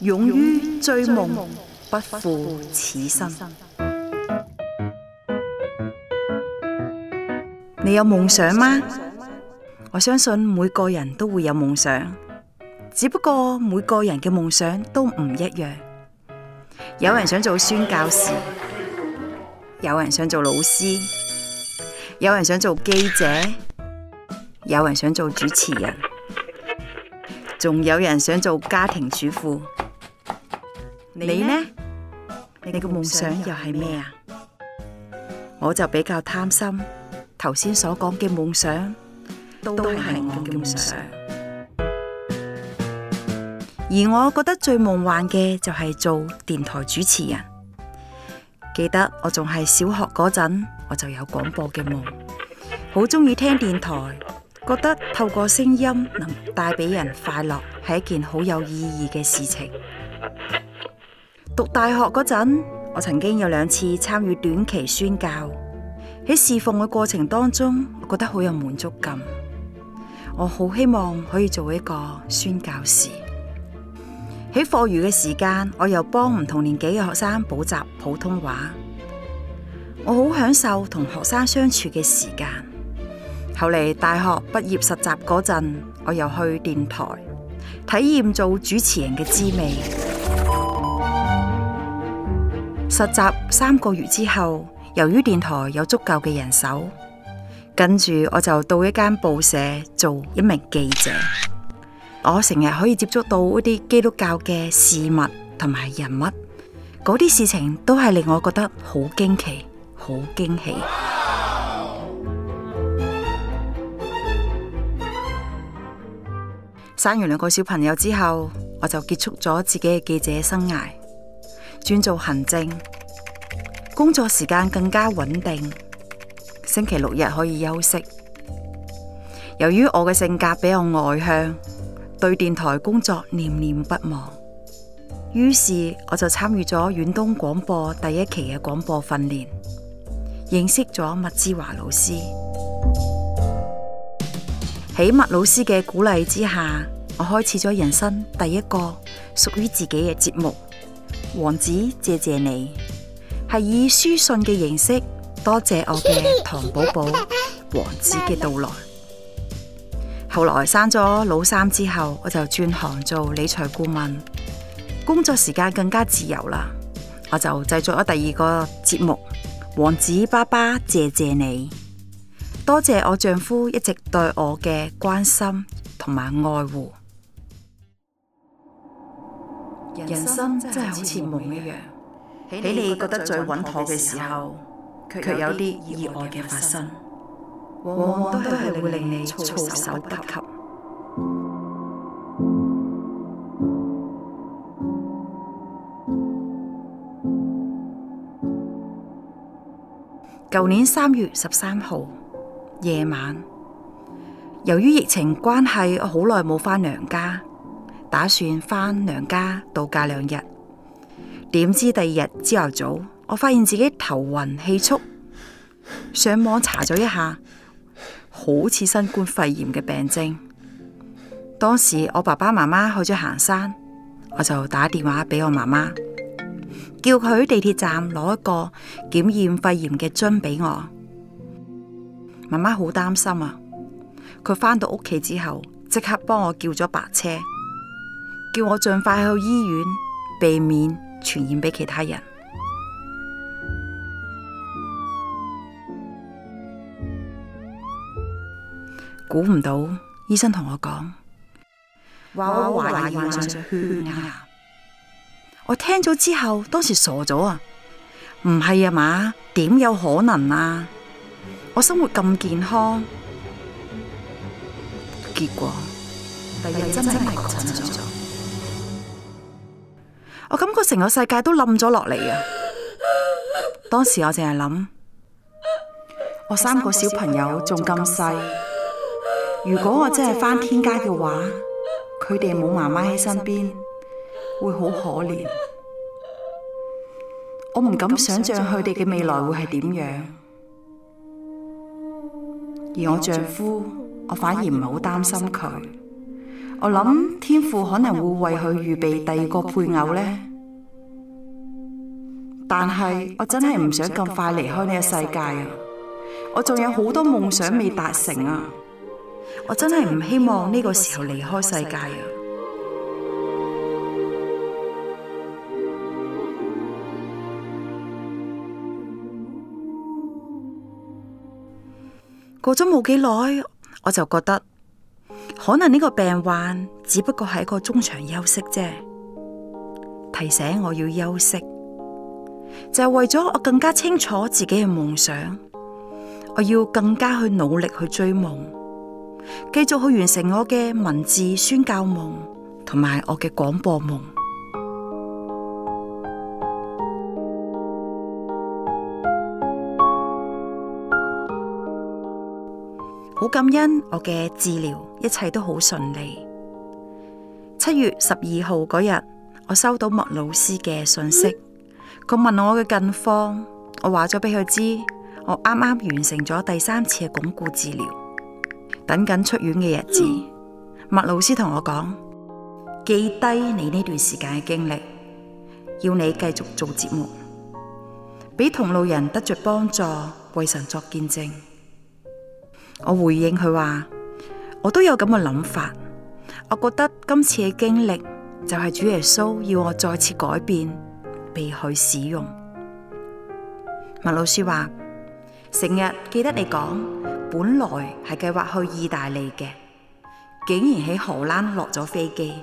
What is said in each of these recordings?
勇於追夢，不負此生。你有夢想嗎？我相信每個人都會有夢想，只不過每個人嘅夢想都唔一樣。有人想做宣教士，有人想做老師，有人想做記者，有人想做主持人，仲有人想做家庭主婦。你呢？你個夢想又係咩啊？我就比較貪心，頭先所講嘅夢想都係我嘅夢想。而我覺得最夢幻嘅就係做電台主持人。記得我仲係小學嗰陣，我就有廣播嘅夢，好中意聽電台，覺得透過聲音能帶俾人快樂，係一件好有意義嘅事情。讀大學嗰陣，我曾經有兩次參與短期宣教。喺侍奉嘅過程當中，我覺得好有滿足感。我好希望可以做一個宣教士。喺課餘嘅時間，我又幫唔同年紀嘅學生補習普通話。我好享受同學生相處嘅時間。後嚟大學畢業實習嗰陣，我又去電台，體驗做主持人嘅滋味。實習三個月之後，由於電台有足夠嘅人手，跟住我就到一間報社做一名記者。我成日可以接觸到一啲基督教嘅事物同埋人物，嗰啲事情都係令我覺得好驚奇、好驚喜。Wow. 生完兩個小朋友之後，我就結束咗自己嘅記者生涯。專做行政，工作時間更加穩定，星期六日可以休息。由於我嘅性格比較外向，對電台工作念念不忘，於是我就參與咗遠東廣播第一期嘅廣播訓練，認識咗麥志華老師。喺麥老師嘅鼓勵之下，我開始咗人生第一個屬於自己嘅節目。王子，謝謝你，係以書信嘅形式多謝我嘅唐寶寶王子嘅到來。媽媽後來生咗老三之後，我就轉行做理財顧問，工作時間更加自由啦。我就製作咗第二個節目《王子爸爸》，謝謝你，多謝我丈夫一直對我嘅關心同埋愛護。人生真係好似夢一樣，喺你覺得最穩妥嘅時候，卻有啲意外嘅發生，往往都係會令你措手不及。舊年三月十三號夜晚，由於疫情關係，我好耐冇返娘家。打算返娘家度假兩日，點知第二日朝頭早，我發現自己頭暈氣促，上網查咗一下，好似新冠肺炎嘅病徵。當時我爸爸媽媽去咗行山，我就打電話俾我媽媽，叫佢喺地鐵站攞一個檢驗肺炎嘅樽俾我。媽媽好擔心啊，佢返到屋企之後，即刻幫我叫咗白車。叫我盡快去醫院，避免傳染俾其他人。估唔到醫生同我講話我懷疑啊！我聽咗之後，當時傻咗啊！唔係啊嘛？點有可能啊？我生活咁健康，結果第二日真係確診咗。我感覺成個世界都冧咗落嚟啊！當時我淨係諗，我三個小朋友仲咁細，如果我真係翻天家嘅話，佢哋冇媽媽喺身邊，會好可憐。我唔敢想象佢哋嘅未來會係點樣。而我丈夫，我反而唔係好擔心佢。我諗天父可能會為佢預備第二個配偶呢。但係我真係唔想咁快離開呢個世界啊！我仲有好多夢想未達成啊！我真係唔希望呢個時候離開世界啊！過咗冇幾耐，我就覺得。可能呢個病患只不過係一個中場休息啫，提醒我要休息，就係為咗我更加清楚自己嘅夢想，我要更加去努力去追夢，繼續去完成我嘅文字宣教夢同埋我嘅廣播夢。好感恩我嘅治療。一切都好順利。七月十二號嗰日，我收到麥老師嘅信息，佢問我嘅近況，我話咗俾佢知，我啱啱完成咗第三次嘅鞏固治療，等緊出院嘅日子。麥老師同我講，記低你呢段時間嘅經歷，要你繼續做節目，俾同路人得着幫助，為神作見證。我回應佢話。我都有咁嘅諗法，我覺得今次嘅經歷就係主耶穌要我再次改變，被佢使用。文老師話，成日記得你講，本來係計劃去意大利嘅，竟然喺荷蘭落咗飛機，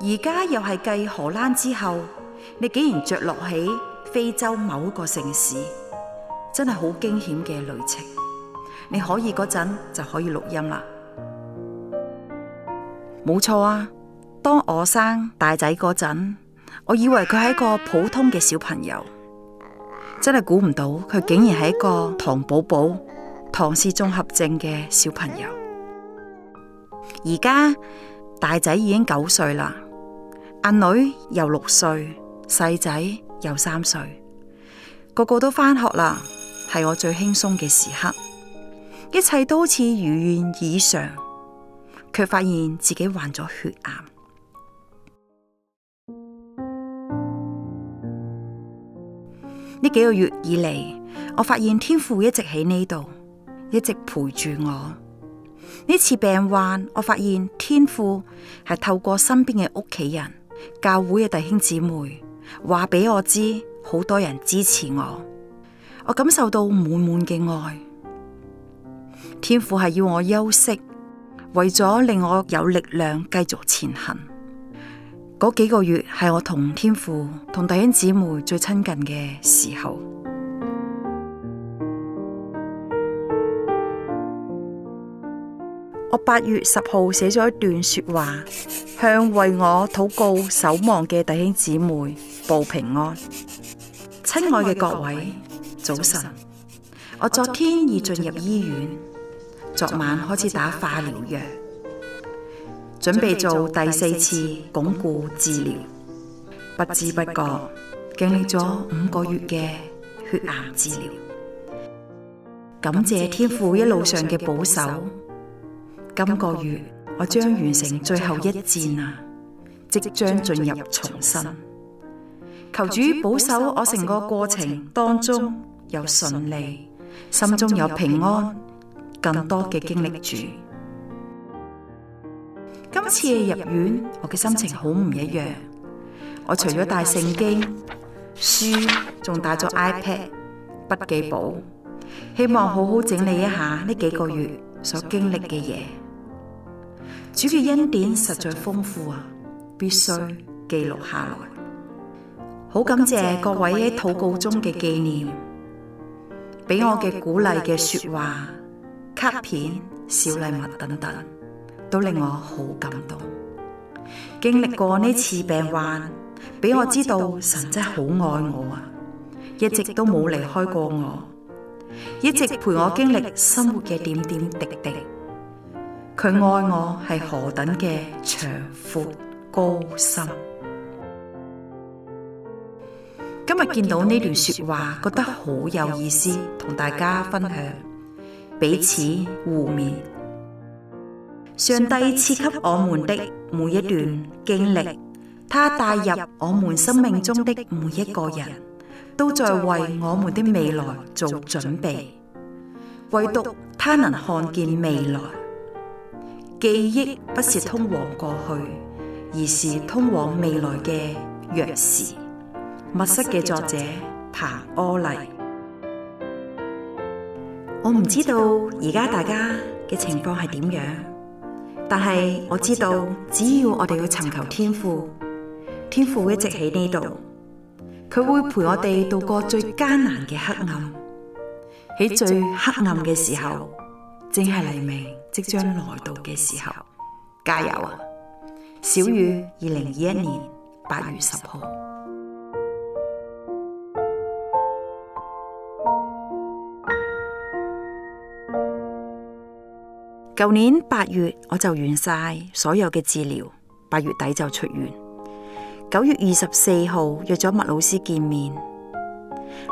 而家又係繼荷蘭之後，你竟然着落喺非洲某個城市，真係好驚險嘅旅程。你可以嗰陣就可以錄音啦。冇錯啊！當我生大仔嗰陣，我以為佢係一個普通嘅小朋友，真係估唔到佢竟然係一個唐寶寶、唐氏綜合症嘅小朋友。而家大仔已經九歲啦，阿女兒又六歲，細仔又三歲，個個都返學啦，係我最輕鬆嘅時刻，一切都似如願以償。卻發現自己患咗血癌。呢幾個月以嚟，我發現天父一直喺呢度，一直陪住我。呢次病患，我發現天父係透過身邊嘅屋企人、教會嘅弟兄姊妹，話俾我知好多人支持我，我感受到滿滿嘅愛。天父係要我休息。為咗令我有力量繼續前行，嗰幾個月係我同天父、同弟兄姊妹最親近嘅時候。我八月十號寫咗一段說話，向為我禱告、守望嘅弟兄姊妹報平安。親愛嘅各位，早晨！我昨天已進入醫院。昨晚開始打化療藥，準備做第四次鞏固治療。不知不覺經歷咗五個月嘅血癌治療，感謝天父一路上嘅保守。今個月我將完成最後一戰啊！即將進入重生，求主保守我成個過程當中有順利，心中有平安。更多嘅經歷，住。今次入院，我嘅心情好唔一樣。我除咗帶聖經書，仲帶咗 iPad 筆記簿，希望好好整理一下呢幾個月所經歷嘅嘢。主嘅恩典實在豐富啊，必須記錄下來。好感謝各位喺禱告中嘅紀念，俾我嘅鼓勵嘅說話卡片、小禮物等等，都令我好感動。經歷過呢次病患，俾我知道神真係好愛我啊！一直都冇離開過我，一直陪我經歷生活嘅點點滴滴。佢愛我係何等嘅長闊高深？今日見到呢段說話，覺得好有意思，同大家分享。彼此互勉。上帝賜給我們的每一段經歷，他帶入我們生命中的每一個人，都在為我們的未來做準備。唯獨他能看見未來。記憶不是通往過去，而是通往未來嘅鑰匙。密室嘅作者彭柯麗。我唔知道而家大家嘅情況係點樣，但係我知道只要我哋要尋求天父，天父一直喺呢度，佢會陪我哋度過最艱難嘅黑暗。喺最黑暗嘅時候，正係黎明即將來到嘅時候，加油啊！小雨，二零二一年八月十號。舊年八月我就完晒所有嘅治療，八月底就出院。九月二十四號約咗麥老師見面，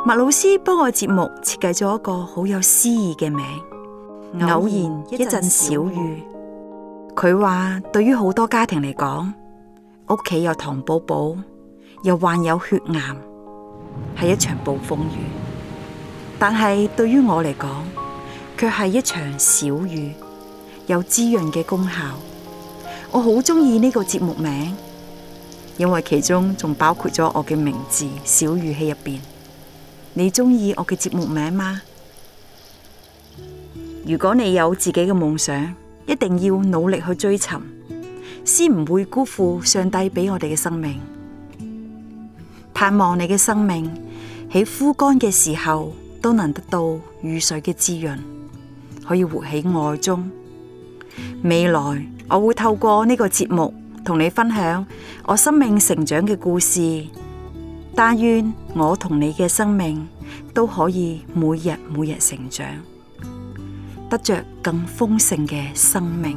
麥老師幫我節目設計咗一個好有詩意嘅名字：「偶然一陣小雨」。佢話對於好多家庭嚟講，屋企有唐寶寶又患有血癌，係一場暴風雨。但係對於我嚟講，卻係一場小雨。有滋潤嘅功效，我好中意呢個節目名，因為其中仲包括咗我嘅名字小雨喺入邊。你中意我嘅節目名嗎？如果你有自己嘅夢想，一定要努力去追尋，先唔會辜負上帝俾我哋嘅生命。盼望你嘅生命喺枯乾嘅時候都能得到雨水嘅滋潤，可以活喺愛中。未來我會透過呢個節目同你分享我生命成長嘅故事，但願我同你嘅生命都可以每日每日成長，得着更豐盛嘅生命。